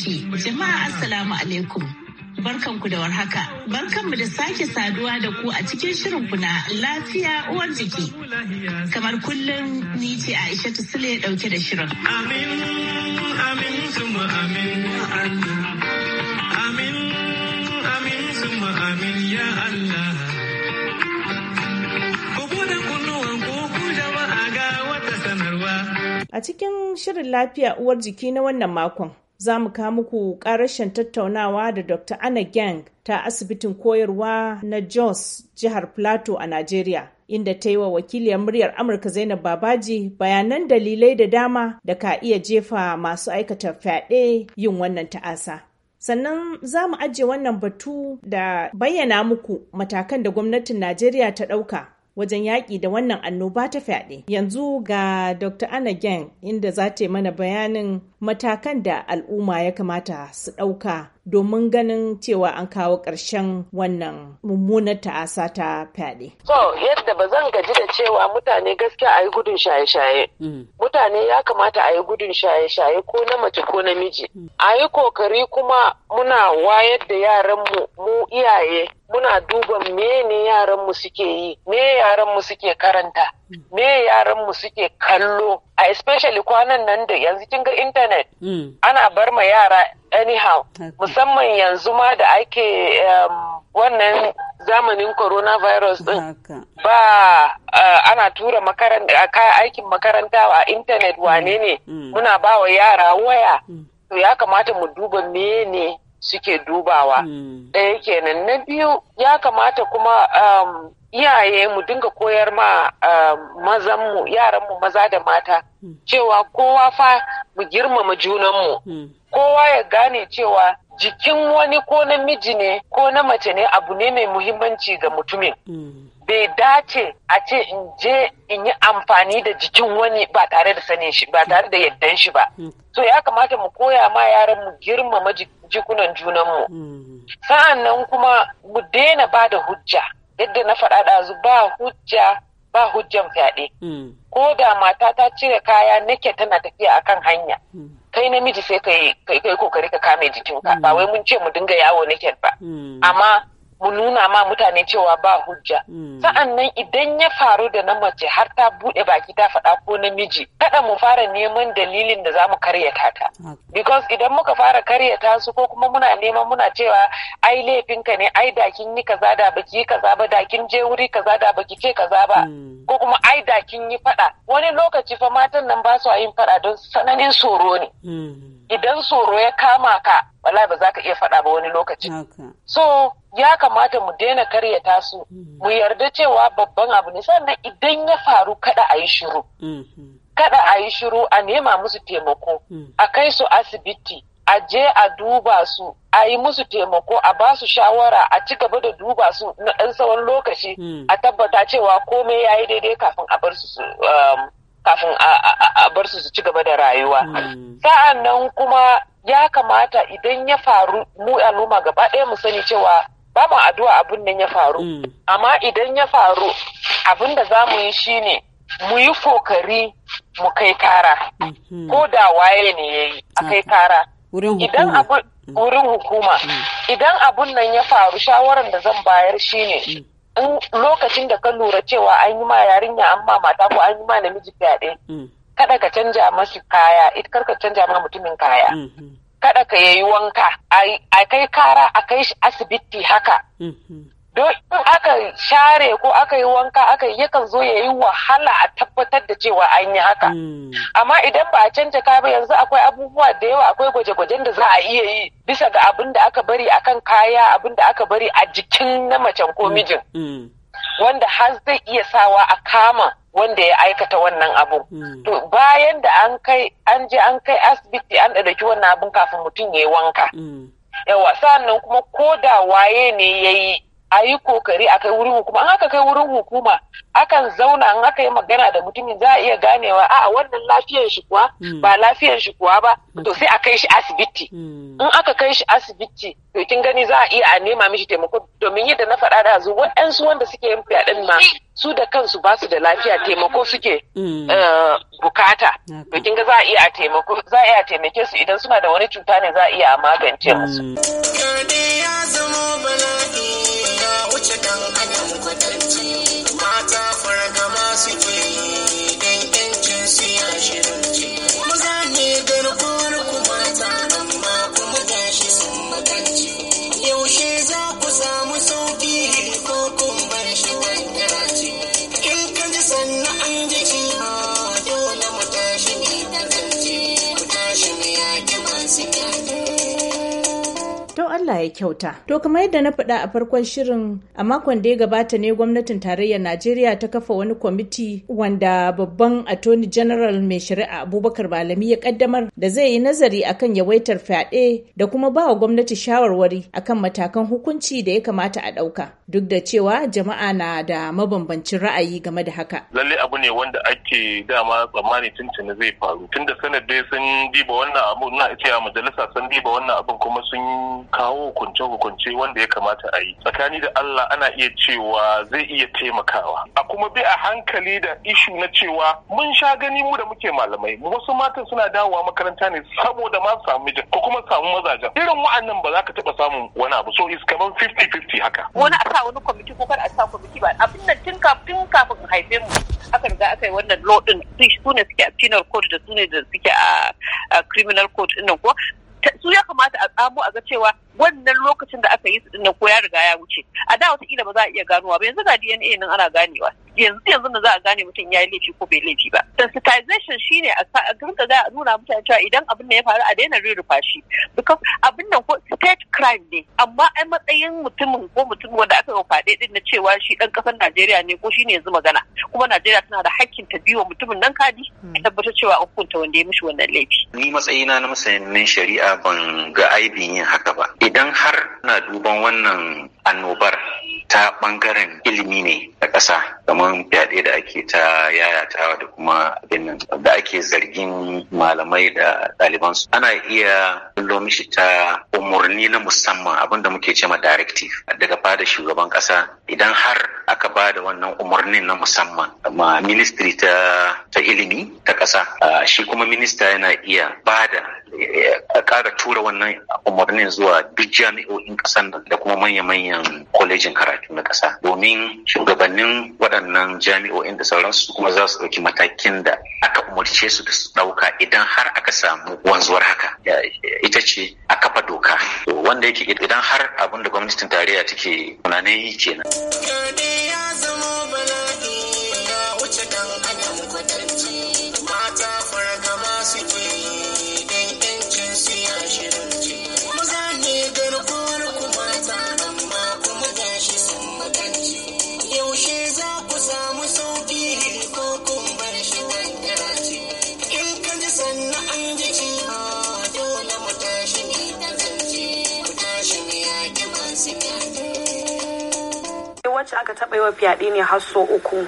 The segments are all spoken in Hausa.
ce, Jama'a Assalamu alaikum. Barkanku da warhaka. Barkanmu da sake saduwa da ku a cikin shirin na lafiya uwar jiki. Kamar kullum ni ce Aisha Sule dauke da shirin. Amin, amin, suma amin, allah Amin, amin, suma amin, ya Allah. A cikin shirin lafiya uwar jiki na wannan makon, za mu muku karashen tattaunawa da Dr. Anna Gang ta asibitin koyarwa na Jos jihar Plateau a Najeriya. Inda ta yi wa wakiliyar muryar Amurka Zainab Babaji bayanan dalilai da dama da ka iya jefa masu aikata fyaɗe yin wannan ta'asa. sannan za mu ajiye wannan batu da bayyana muku matakan da gwamnatin najeriya ta ɗauka wajen yaƙi da wannan annoba ta fyaɗe. Yanzu ga Dr. Anna Geng inda za ta mana bayanin matakan da al'umma ya kamata su ɗauka domin ganin cewa an kawo ƙarshen wannan mummunar ta'asa ta fyaɗe. So yadda ba zan gaji da cewa mutane gaskiya a yi gudun shaye-shaye. Mm. Mutane ya kamata a yi gudun shaye-shaye ko na mace ko na miji. Mm. A yi kokari kuma muna wayar da yaranmu mu iyaye muna duba me ne yaran mu suke yi me yaran mu suke karanta me yaran mu suke kallo a especially kwanan nan da yanzu kin ga internet hmm. ana bar ma yara anyhow musamman yanzu ma da ake um, wannan zamanin coronavirus din ba uh, ana tura kayan aikin makaranta a intanet hmm. wane ne hmm. muna bawa yara waya to ya kamata mu duba ne. suke dubawa. Hmm. Ɗaya kenan na biyu ya kamata kuma um, iyaye mu dinga koyar ma um, mazanmu yaranmu maza da mata hmm. cewa kowa fa mu girmama junanmu. Hmm. Kowa ya gane cewa jikin wani ko namiji ne ko na mace ne abu ne mai muhimmanci ga mutumin. bai dace a ce in je in yi amfani da jikin wani ba tare da sanin shi ba tare da yaddan shi ba hmm. so ya kamata mu koya ma yaran mu girmama jikunan junanmu hmm. sa'an nan kuma mu daina ba da hujja yadda na faɗa ɗazu ba hujja ba hujjan fyaɗe hmm. ko da mata ta cire kaya nake tana tafiya akan hanya kai namiji sai kai yi kokari ka kame jikinka ba wai mun ce mu dinga yawo nake ba amma mu nuna ma mutane cewa ba hujja hmm. sa'an nan idan ya faru da na mace har ta buɗe baki ta faɗa ko namiji kada mu fara neman dalilin da za mu karyata ta because idan muka fara karyata su ko kuma muna neman muna cewa ai laifinka ne ai dakin yi kaza da baki yi kaza ba dakin je wuri kaza da baki ce kaza ba hmm. ko kuma ai dakin yi faɗa wani lokaci fa matan nan ba su yin faɗa don sananin tsoro ne hmm. idan tsoro ya kama ka wala ba za ka iya faɗa ba wani lokaci. So ya kamata mu daina karyata su mu hmm. yarda cewa babban abu ne sannan idan ya faru kada a yi shiru. Hmm. Kada a yi shiru a nema musu taimako hmm. a kai su asibiti a je a duba su a yi musu taimako a ba su shawara a ci gaba da duba su na ɗan tsawon lokaci a tabbata cewa komai ya yi daidai kafin a bar su um, kafin a bar su su ci gaba da rayuwa mm. sa'an nan kuma ya kamata idan ya faru mu al'umma gaba ɗaya mu sani cewa ba mu addu'a abin nan ya faru mm. amma idan ya faru abin da za mu yi shi ne, mu yi kokari mu kai kara mm-hmm. ko da waye ne ya yi a kai kara wurin hukuma mm. idan abun nan ya faru shawaran da zan bayar shi ne. lokacin da ka lura cewa an yi ma yarinya amma mata ko an yi ma namiji fyaɗe mm. kada ka canja mashi kaya it kar ka canja ma mutumin kaya mm, mm. kada ka yayi wanka a kai kara a kai shi asibiti haka don aka share ko aka yi wanka aka yi yakan zo ya yi wahala a tabbatar da cewa an yi haka mm. amma idan ba a canja kaya ba yanzu akwai abubuwa da yawa akwai gwaje-gwajen da za a iya yi bisa ga abin da aka bari akan kaya abin da aka bari a jikin na macen ko mm. mijin mm. wanda har zai iya sawa a kama wanda ya aikata wannan abu. To bayan da an kai an je an kai asibiti an ɗauki wannan abun kafin mutum ya yi wanka. Yawa sa'annan kuma ko da waye ne ya yi a yi kokari a kai wurin hukuma an aka kai wurin hukuma akan zauna an aka yi magana da mutumin za a iya ganewa a wannan lafiyar shi kuwa hmm. ba lafiyar shi kuwa ba hmm. to sai a kai shi asibiti hmm. in aka kai shi asibiti to kin gani za a iya a nema mishi taimako domin yadda na faɗa da zuwa ɗansu wanda suke yin fyaɗen ma su da kansu ba su da lafiya taimako suke eh, bukata to kin ga za a iya a taimako za a iya taimake su idan suna da wani cuta ne za a iya a magance musu ce mata fargama suke Allah ya kyauta. To kamar yadda na faɗa a farkon shirin a makon da ya gabata ne gwamnatin tarayyar Najeriya ta kafa wani kwamiti wanda babban attorney general mai shari'a Abubakar Malami ya kaddamar da zai yi nazari akan yawaitar fyaɗe da kuma ba wa gwamnati shawarwari akan matakan hukunci da ya kamata a ɗauka. Duk da cewa jama'a na da mabambancin ra'ayi game da haka. Lalle abu ne wanda ake dama tsammani tuntun zai faru. Tunda sanar dai sun diba wannan abu na ce majalisa sun diba wannan abin kuma sun kawo kawo hukunce-hukunce wanda ya kamata a yi tsakani da Allah ana iya cewa zai iya taimakawa a kuma bi a hankali da ishu na cewa mun sha gani mu da muke malamai wasu matan suna dawowa makaranta ne saboda ma samu mijin ko kuma samu mazaja irin wa'annan ba za ka taba samun wani abu so is kaman 50-50 haka wani a sa wani kwamiti ko kar a sa kwamiti ba abin da tun kafin kafin haife mu aka riga aka yi wannan law din su ne suke a penal code da su ne da suke a criminal code din ko su ya kamata a tsamo a ga cewa wannan lokacin da aka yi su dinnan ko ya riga ya wuce a da wata ba za a iya ganowa ba yanzu ga DNA nan ana ganewa yanzu yanzu da za a gane mutum ya yi laifi ko bai laifi ba sensitization shine a rinka za a nuna mutane cewa idan abin da ya faru a daina rurrufa shi because abin nan ko state crime ne amma a matsayin mutumin ko mutum wanda aka yi faɗe din na cewa shi dan kasar Najeriya ne ko shine yanzu magana kuma Najeriya tana da hakkin ta biyo mutumin nan kadi a hmm. tabbatar cewa an hukunta wanda ya mishi wannan laifi ni matsayina na masanin shari'a ban ga aibin yin haka ba idan har na duban wannan annobar ta bangaren ilimi ne a ƙasa kamar fyaɗe da ake ta yayatawa da kuma abin nan da ake zargin malamai da ɗalibansu ana iya kullo mishi ta umarni na musamman abin da muke cema directive daga fada shugaban ƙasa idan har aka ba da wannan umarnin na musamman ma ministry ta, ilimi ta ƙasa shi kuma minista yana iya ba da ƙara tura wannan umarnin zuwa duk jami'o'in ƙasan da kuma manya-manyan kwalejin karatu karatu na ƙasa domin shugabannin waɗannan jami'o'in da sauransu kuma za su ɗauki matakin da aka umarce su da su ɗauka idan har aka samu wanzuwar haka ita ce a kafa doka wanda yake idan har abin da gwamnatin tarayya take tunanin yi kenan. aka taɓa yi wa fyaɗe ne har so uku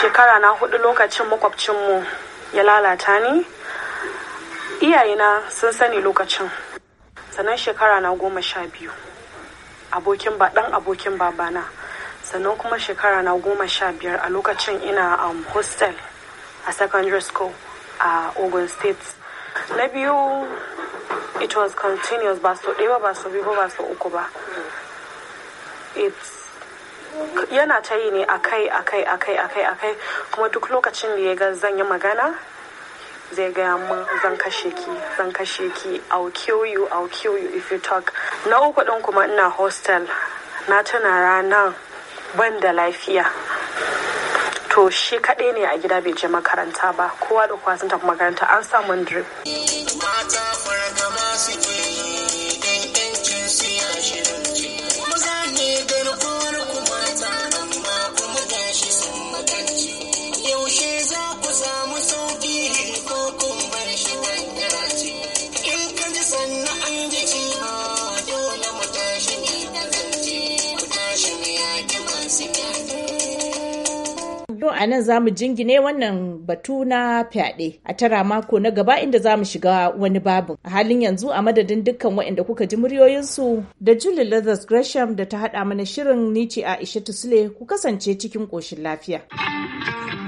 shekara na hudu lokacin makwabcinmu ya lalata ni iyayena sun sani lokacin sannan shekara na goma sha biyu abokin ba dan abokin babana sannan kuma shekara na goma sha biyar a lokacin ina a um, hostel a secondary school a ogun state na biyu it was continuous ba so ɗaya ba so biyu ba so uku ba it's yana ta yi ne akai akai akai akai akai kuma duk lokacin da ya ga zan yi magana zai gaya mun zan kashe ki zan kashe ki i'll kill you i'll kill you if you talk na uku din kuma ina hostel na tana ranar ban da lafiya to shi kaɗai ne a gida bai je makaranta ba kowa da kowa sun tafi makaranta an samun drip a nan za mu jingine wannan batu na fyaɗe a tara mako na gaba inda za mu shiga wani babin. A halin yanzu a madadin dukkan waɗanda kuka ji muryoyinsu da Julie Leathers Gresham da ta haɗa mana shirin Nici a ishe Sule ku kasance cikin ƙoshin lafiya.